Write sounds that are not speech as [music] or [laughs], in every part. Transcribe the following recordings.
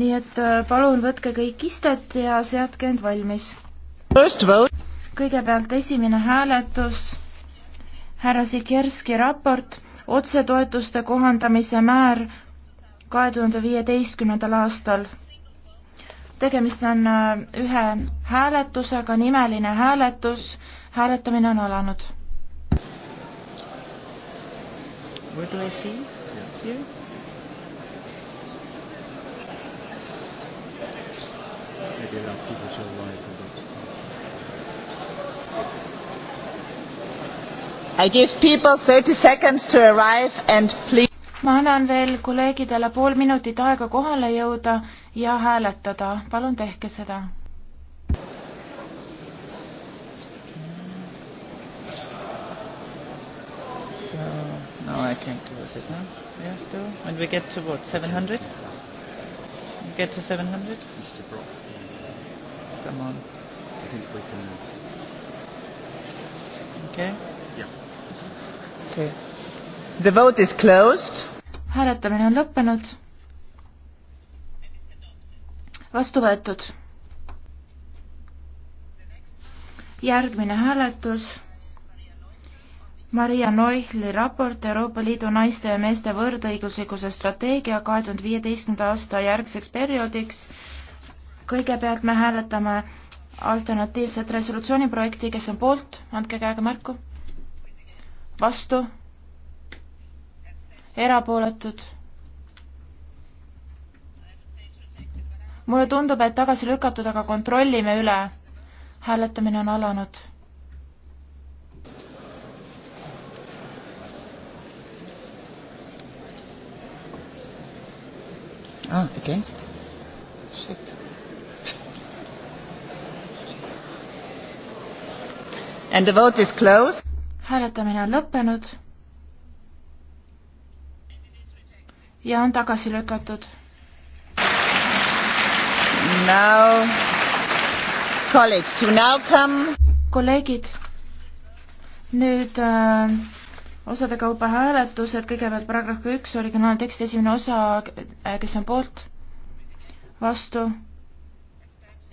nii et äh, palun võtke kõik istet ja seadke end valmis. kõigepealt esimene hääletus, härra Sikerski raport, otsetoetuste kohandamise määr kahe tuhande viieteistkümnendal aastal. tegemist on äh, ühe hääletusega, nimeline hääletus, hääletamine on alanud. Where do I see you? people to arrive with it. I give people 30 seconds to arrive and please ma annan veel kolleegidele pool minutit aega kohale jõuda ja hääletada. palun tehke seda. So now I can close it now. Yeah, still. When we get to what, 700? We get to 700? Mr. Brooks. Come on. I think we can. Uh, okay. Yeah. Okay. The vote is closed. hääletamine on lõppenud. vastu võetud. järgmine hääletus. Maria Neuchli raport Euroopa Liidu naiste ja meeste võrdõiguslikkuse strateegia kahe tuhande viieteistkümnenda aasta järgseks perioodiks kõigepealt me hääletame alternatiivset resolutsiooniprojekti, kes on poolt, andke käega märku. vastu. erapooletud. mulle tundub, et tagasi lükatud, aga kontrollime üle. hääletamine on alanud. Ah, against? Shit. And the vote is closed. hääletamine on lõppenud ja on tagasi lükatud. Now, colleagues, you now come. kolleegid, nüüd äh, osade kaupa hääletused, kõigepealt paragrahv üks, originaaltekst, esimene osa, äh, kes on poolt, vastu,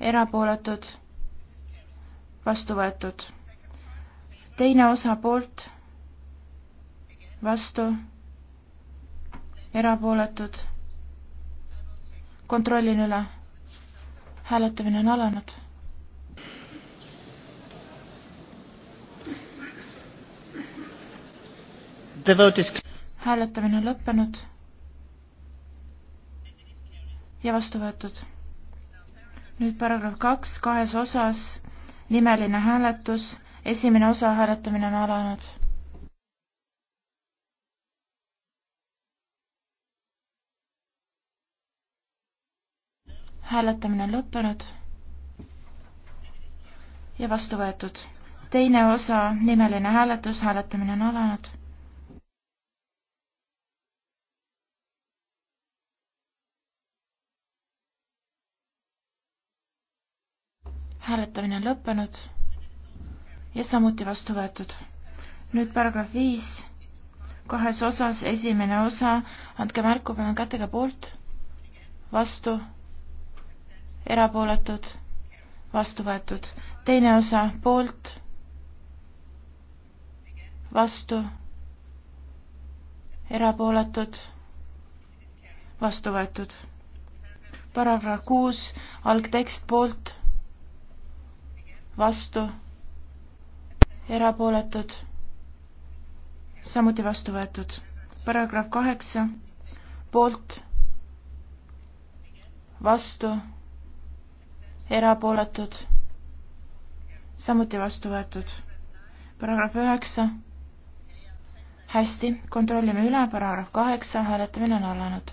erapooletud, vastu võetud teine osa poolt, vastu, erapooletud. kontrollin üle. hääletamine on alanud. Is... hääletamine on lõppenud ja vastu võetud. nüüd paragrahv kaks kahes osas, nimeline hääletus esimene osa hääletamine on alanud. hääletamine on lõppenud ja vastu võetud. teine osa, nimeline hääletus, hääletamine on alanud. hääletamine on lõppenud ja samuti vastu võetud. nüüd paragrahv viis, kahes osas, esimene osa, andke märku, panen kätega poolt, vastu, erapooletud, vastu võetud. teine osa, poolt, vastu, erapooletud, vastu võetud. paragrahv kuus, algtekst poolt, vastu erapooletud, samuti vastu võetud. paragrahv kaheksa, poolt, vastu, erapooletud, samuti vastu võetud. paragrahv üheksa, hästi, kontrollime üle, paragrahv kaheksa, hääletamine on alanud.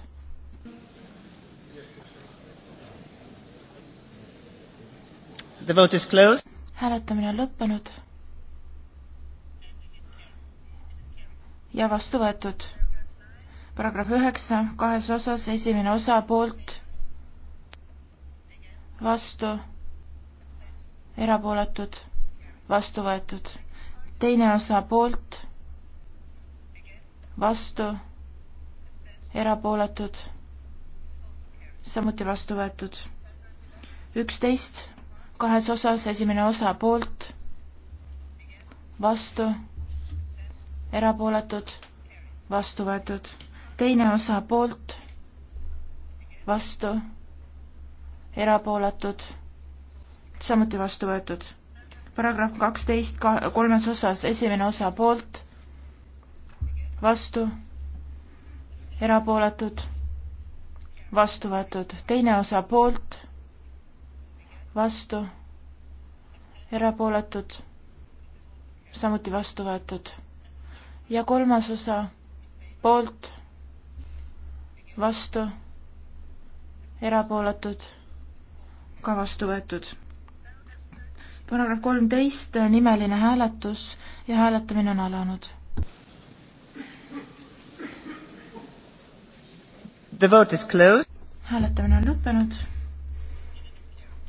hääletamine on lõppenud ja vastu võetud. paragrahv üheksa kahes osas, esimene osa poolt, vastu, erapooletud, vastu võetud. teine osa poolt, vastu, erapooletud, samuti vastu võetud. üksteist kahes osas, esimene osa poolt, vastu erapooletud, vastu võetud. teine osa poolt, vastu, erapooletud, samuti vastu võetud. paragrahv kaksteist ka-, kolmes osas, esimene osa poolt, vastu, erapooletud, vastu võetud. teine osa poolt, vastu, erapooletud, samuti vastu võetud ja kolmas osa poolt, vastu, erapooletud, ka vastu võetud. paragrahv kolmteist, nimeline hääletus ja hääletamine on alanud. The vote is closed. hääletamine on lõppenud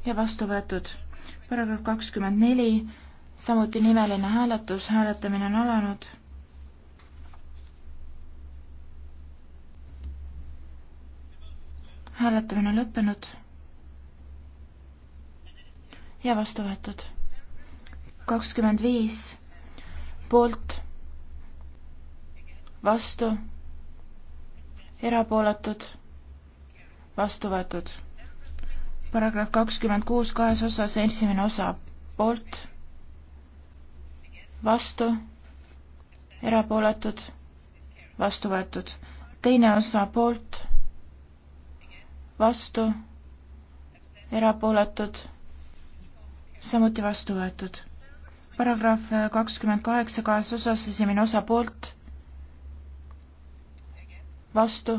ja vastu võetud. paragrahv kakskümmend neli, samuti nimeline hääletus, hääletamine on alanud hääletamine on lõppenud ja vastu võetud. kakskümmend viis poolt, vastu, erapooletud, vastu võetud. paragrahv kakskümmend kuus kahes osas esimene osa poolt, vastu, erapooletud, vastu võetud. teine osa poolt vastu, erapooletud, samuti vastu võetud. paragrahv kakskümmend kaheksa kahes osas, esimene osa poolt, vastu,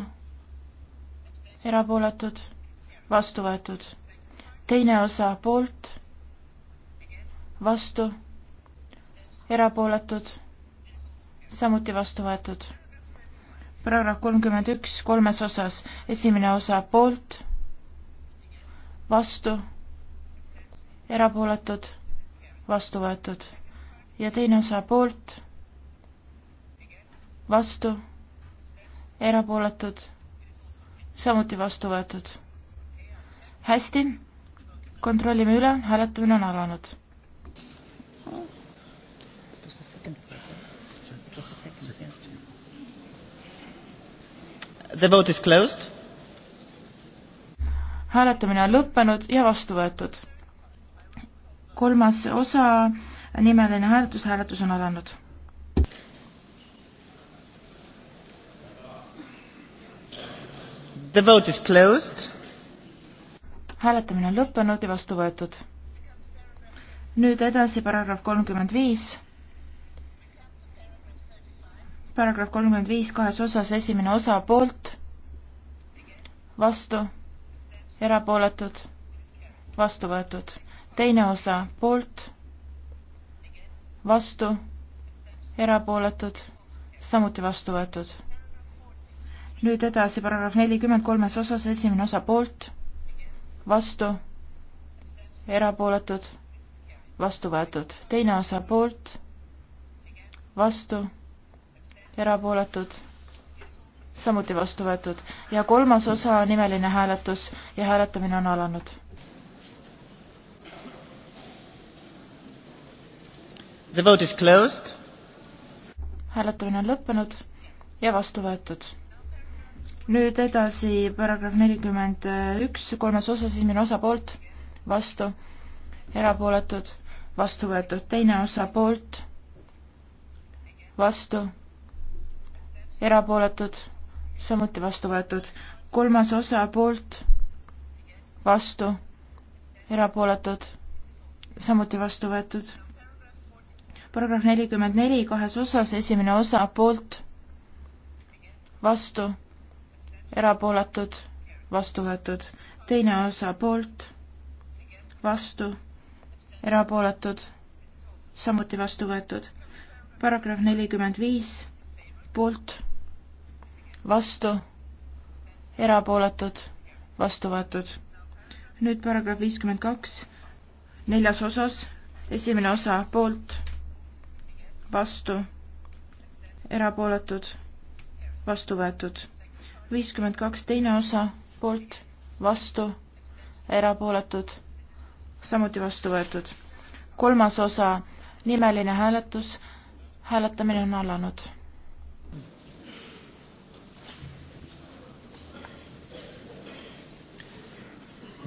erapooletud, vastu võetud. teine osa poolt, vastu, erapooletud, samuti vastu võetud paragrahv kolmkümmend üks kolmes osas, esimene osa poolt, vastu, erapooletud, vastu võetud ja teine osa poolt, vastu, erapooletud, samuti vastu võetud. hästi, kontrollime üle, hääletamine on alanud. The vote is closed. hääletamine on lõppenud ja vastu võetud. kolmas osa, nimeline hääletus, hääletus on alanud. The vote is closed. hääletamine on lõppenud ja vastu võetud. nüüd edasi paragrahv kolmkümmend viis paragrahv kolmkümmend viis kahes osas, esimene osa poolt, vastu, erapooletud, vastu võetud. teine osa poolt, vastu, erapooletud, samuti vastu võetud. nüüd edasi paragrahv nelikümmend kolmes osas, esimene osa poolt, vastu, erapooletud, vastu võetud. teine osa poolt, vastu erapooletud, samuti vastu võetud ja kolmas osa nimeline hääletus ja hääletamine on alanud. The vote is closed. hääletamine on lõppenud ja vastu võetud. nüüd edasi paragrahv nelikümmend üks, kolmas osa, esimene osa poolt, vastu, erapooletud, vastu võetud, teine osa poolt, vastu erapooletud, samuti vastu võetud. kolmas osa poolt, vastu, erapooletud, samuti vastu võetud. paragrahv nelikümmend neli kahes osas, esimene osa poolt, vastu, erapooletud, vastu võetud. teine osa poolt, vastu, erapooletud, samuti vastu võetud. paragrahv nelikümmend viis poolt, vastu, erapooletud, vastu võetud. nüüd paragrahv viiskümmend kaks, neljas osas, esimene osa poolt, vastu, erapooletud, vastu võetud. viiskümmend kaks, teine osa poolt, vastu, erapooletud, samuti vastu võetud. kolmas osa, nimeline hääletus, hääletamine on alanud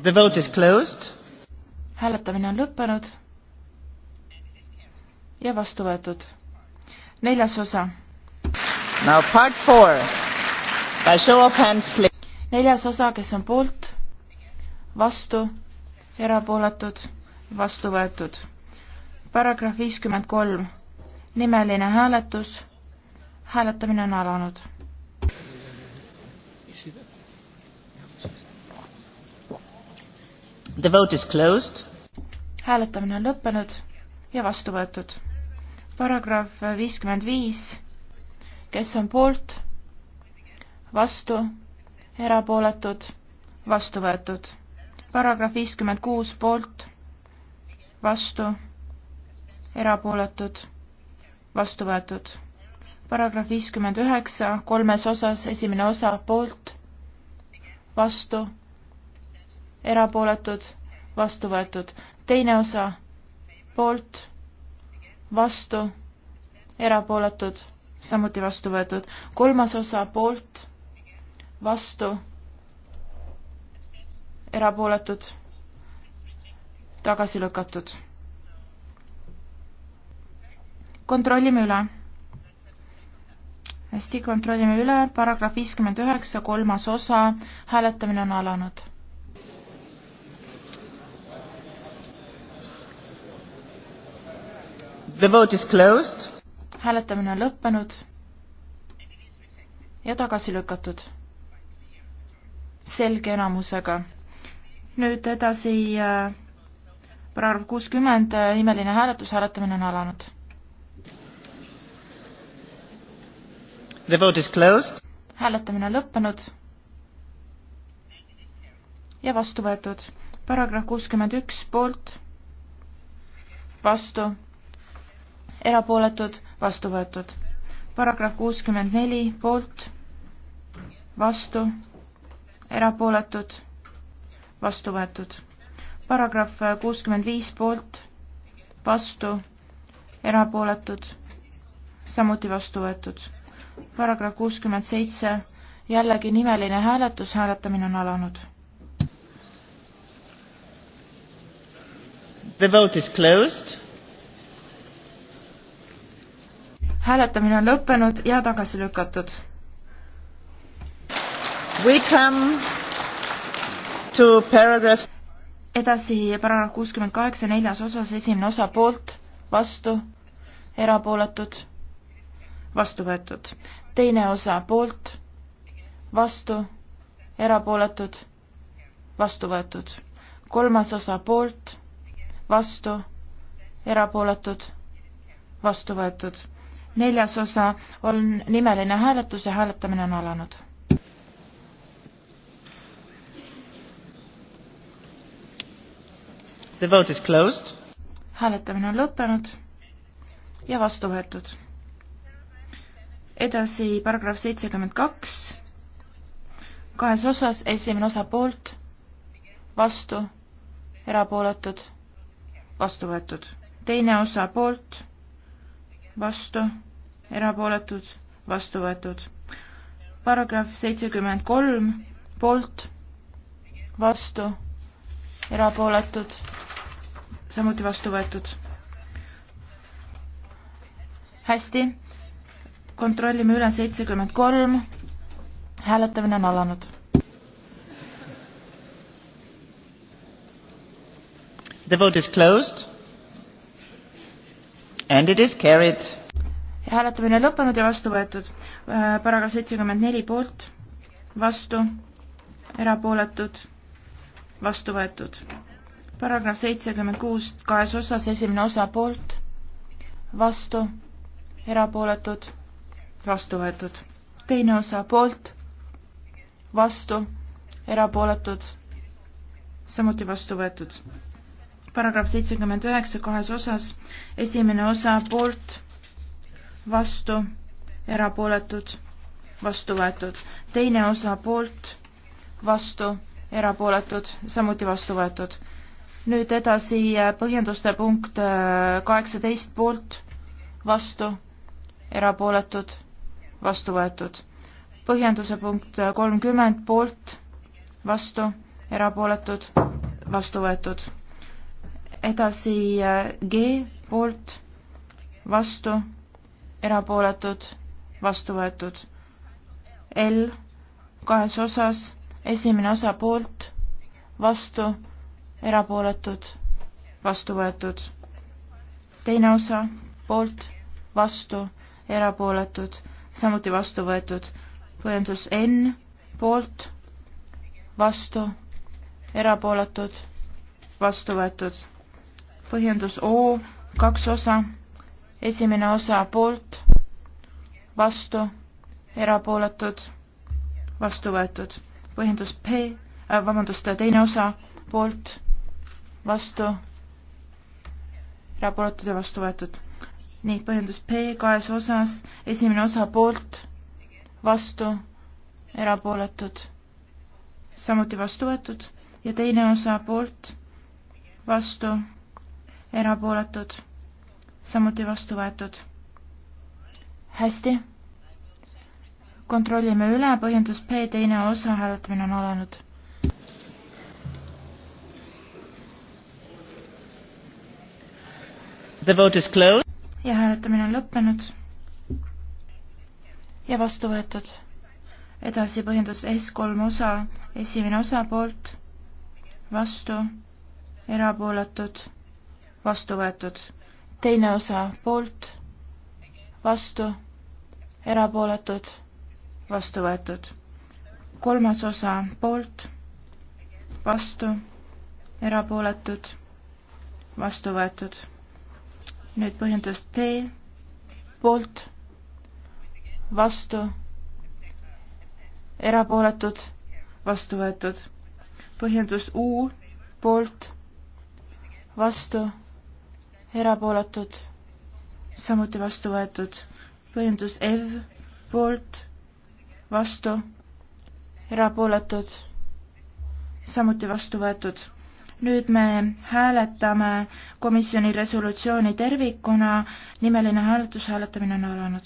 The vote is closed. hääletamine on lõppenud ja vastu võetud. neljas osa. Now part four. By show of hands please. neljas osa, kes on poolt, vastu, erapooletud, vastu võetud. paragrahv viiskümmend kolm. nimeline hääletus. hääletamine on alanud The vote is closed. hääletamine on lõppenud ja vastu võetud. paragrahv viiskümmend viis, kes on poolt, vastu, erapooletud, vastu võetud. paragrahv viiskümmend kuus poolt, vastu, erapooletud, vastu võetud. paragrahv viiskümmend üheksa kolmes osas, esimene osa poolt, vastu erapooletud, vastu võetud. teine osa, poolt, vastu, erapooletud, samuti vastu võetud. kolmas osa, poolt, vastu, erapooletud, tagasi lükatud. kontrollime üle. hästi, kontrollime üle, paragrahv viiskümmend üheksa, kolmas osa, hääletamine on alanud The vote is closed. hääletamine on lõppenud ja tagasi lükatud selge enamusega. nüüd edasi äh, paragrahv kuuskümmend, äh, imeline hääletus, hääletamine on alanud. The vote is closed. hääletamine on lõppenud ja vastu võetud. paragrahv kuuskümmend üks poolt, vastu erapooletud, vastu võetud. paragrahv kuuskümmend neli, poolt, vastu, erapooletud, vastu võetud. paragrahv kuuskümmend viis, poolt, vastu, erapooletud, samuti vastu võetud. paragrahv kuuskümmend seitse, jällegi nimeline hääletus, hääletamine on alanud The vote is closed. hääletamine on lõppenud ja tagasi lükatud. edasi paragrahv kuuskümmend kaheksa neljas osas, esimene osa poolt, vastu, erapooletud, vastu võetud. teine osa poolt, vastu, erapooletud, vastu võetud. kolmas osa poolt, vastu, erapooletud, vastu võetud neljas osa on nimeline hääletus ja hääletamine on alanud. The vote is closed. hääletamine on lõppenud ja vastu võetud. edasi paragrahv seitsekümmend kaks, kahes osas, esimene osa poolt, vastu, erapooletud, vastu võetud. teine osa poolt, vastu erapooletud, vastu võetud. paragrahv seitsekümmend kolm, poolt, vastu, erapooletud, samuti vastu võetud. hästi, kontrollime üle seitsekümmend kolm, hääletamine on alanud. The vote is closed and it is carried hääletamine lõppenud ja vastu võetud. Äh, paragrahv seitsekümmend neli poolt, vastu, erapooletud, vastu võetud. paragrahv seitsekümmend kuus kahes osas, esimene osa poolt, vastu, erapooletud, vastu võetud. teine osa poolt, vastu, erapooletud, samuti vastu võetud. paragrahv seitsekümmend üheksa kahes osas, esimene osa poolt vastu, erapooletud, vastu võetud. teine osa poolt, vastu, erapooletud, samuti vastu võetud. nüüd edasi äh, põhjenduste punkt äh, kaheksateist poolt, vastu, erapooletud, vastu võetud. põhjenduse punkt äh, kolmkümmend poolt, vastu, erapooletud, vastu võetud. edasi G poolt, vastu erapooletud, vastu võetud. L kahes osas, esimene osa poolt, vastu, erapooletud, vastu võetud. teine osa poolt, vastu, erapooletud, samuti vastu võetud. põhjendus N poolt, vastu, erapooletud, vastu võetud. põhjendus O kaks osa esimene osa poolt, vastu, erapooletud, vastu võetud. põhjendus P äh,, vabandust, teine osa poolt, vastu, erapooletud ja vastu võetud. nii, põhjendus P kahes osas, esimene osa poolt, vastu, erapooletud, samuti vastu võetud ja teine osa poolt, vastu, erapooletud samuti vastu võetud. hästi. kontrollime üle, põhjendus P teine osa, hääletamine on alanud. The vote is closed. ja hääletamine on lõppenud. ja vastu võetud. edasi põhjendus S kolm osa, esimene osa poolt, vastu erapooletud, vastu võetud teine osa poolt, vastu, erapooletud, vastu võetud. kolmas osa poolt, vastu, erapooletud, vastu võetud. nüüd põhjendus D poolt, vastu, erapooletud, vastu võetud. põhjendus U poolt, vastu erapooletud, samuti vastu võetud. põhjendus EV poolt, vastu, erapooletud, samuti vastu võetud. nüüd me hääletame komisjoni resolutsiooni tervikuna, nimeline hääletus, hääletamine on alanud.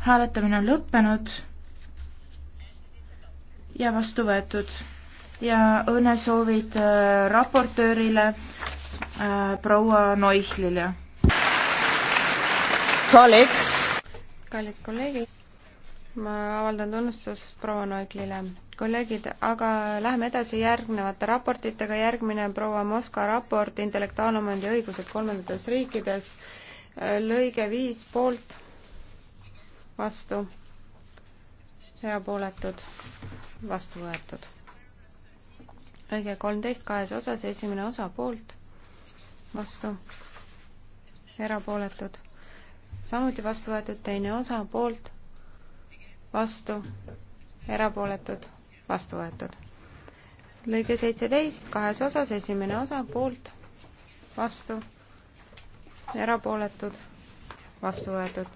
hääletamine on lõppenud ja vastu võetud. ja õnnesoovid äh, raportöörile äh, proua Noihlile. kallid kolleegid, ma avaldan tunnustust proua Noihlile. kolleegid, aga läheme edasi järgnevate raportitega, järgmine proua Moskva raport intellektuaalomandi õigused kolmandates riikides, äh, lõige viis poolt, vastu, erapooletud vastu võetud. lõige kolmteist kahes osas, esimene osa poolt, vastu, erapooletud. samuti vastu võetud teine osa poolt, vastu, erapooletud, vastu võetud. lõige seitseteist kahes osas, esimene osa poolt, vastu, erapooletud, vastu võetud.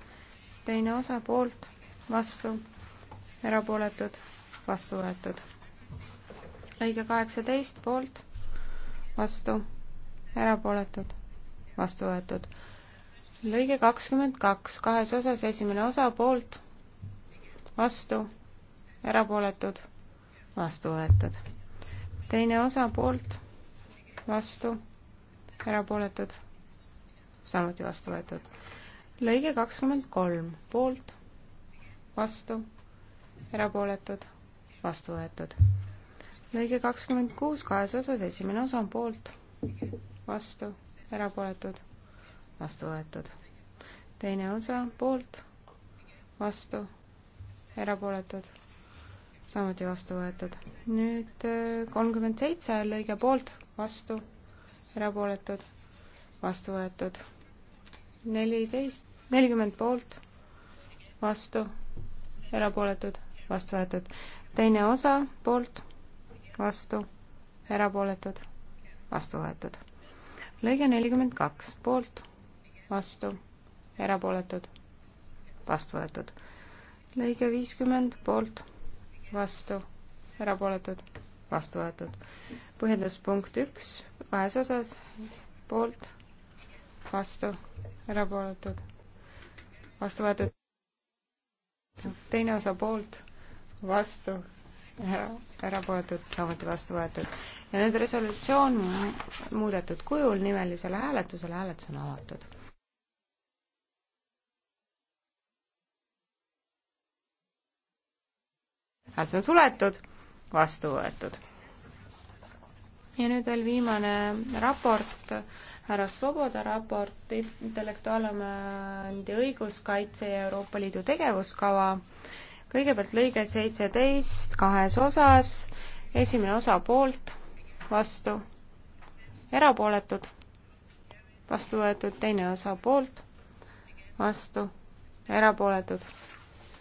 teine osa poolt, vastu, erapooletud vastu võetud. lõige kaheksateist poolt, vastu, erapooletud, vastu võetud. lõige kakskümmend kaks, kahes osas esimene osa poolt, vastu, erapooletud, vastu võetud. teine osa poolt, vastu, erapooletud, samuti vastu võetud. lõige kakskümmend kolm poolt, vastu, erapooletud vastu võetud. lõige kakskümmend kuus kahes osas, esimene osa on poolt, vastu, erapooletud, vastu võetud. teine osa poolt, vastu, erapooletud, samuti vastu võetud. nüüd äh, kolmkümmend seitse lõige poolt, vastu, erapooletud, vastu võetud. neliteist, nelikümmend poolt, vastu, erapooletud vastu võetud. teine osa poolt, vastu, erapooletud, vastu võetud. lõige nelikümmend kaks poolt, vastu, erapooletud, vastu võetud. lõige viiskümmend poolt, vastu, erapooletud, vastu võetud. põhjenduspunkt üks kahes osas, poolt, vastu, erapooletud, vastu võetud. teine osa poolt vastu, erapooletud, samuti vastu võetud. ja nüüd resolutsioon muudetud kujul nimelisele hääletusele, hääletus on avatud. hääletus on suletud, vastu võetud. ja nüüd veel viimane raport, härra Svoboda raport, intellektuaalomandi õiguskaitse ja Euroopa Liidu tegevuskava kõigepealt lõige seitseteist kahes osas, esimene osa poolt, vastu, erapooletud, vastu võetud, teine osa poolt, vastu, erapooletud,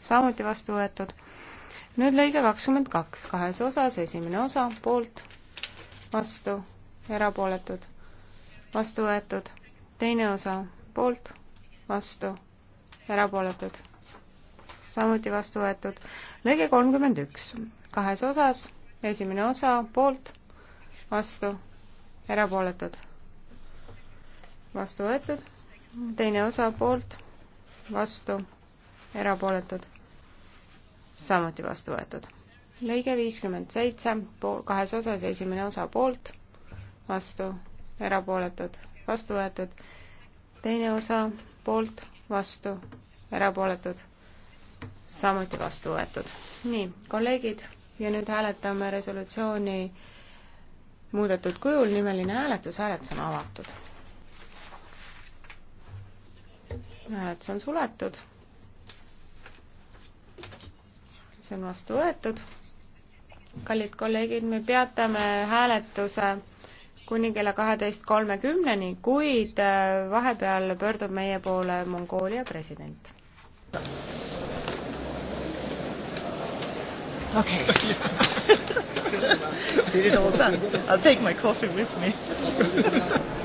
samuti vastu võetud. nüüd lõige kakskümmend kaks kahes osas, esimene osa poolt, vastu, erapooletud, vastu võetud, teine osa poolt, vastu, erapooletud samuti vastu võetud. lõige kolmkümmend üks, kahes osas, esimene osa poolt, vastu, erapooletud, vastu võetud, teine osa poolt, vastu, erapooletud, samuti vastu võetud. lõige viiskümmend seitse, kahes osas, esimene osa poolt, vastu, erapooletud, vastu võetud, teine osa poolt, vastu, erapooletud samuti vastu võetud. nii, kolleegid, ja nüüd hääletame resolutsiooni muudetud kujul, nimeline hääletus, hääletus on avatud. hääletus on suletud. see on vastu võetud. kallid kolleegid, me peatame hääletuse kuni kella kaheteist kolmekümneni, kuid äh, vahepeal pöördub meie poole Mongoolia president. Okay. Did [laughs] it all done. I'll take my coffee with me. [laughs]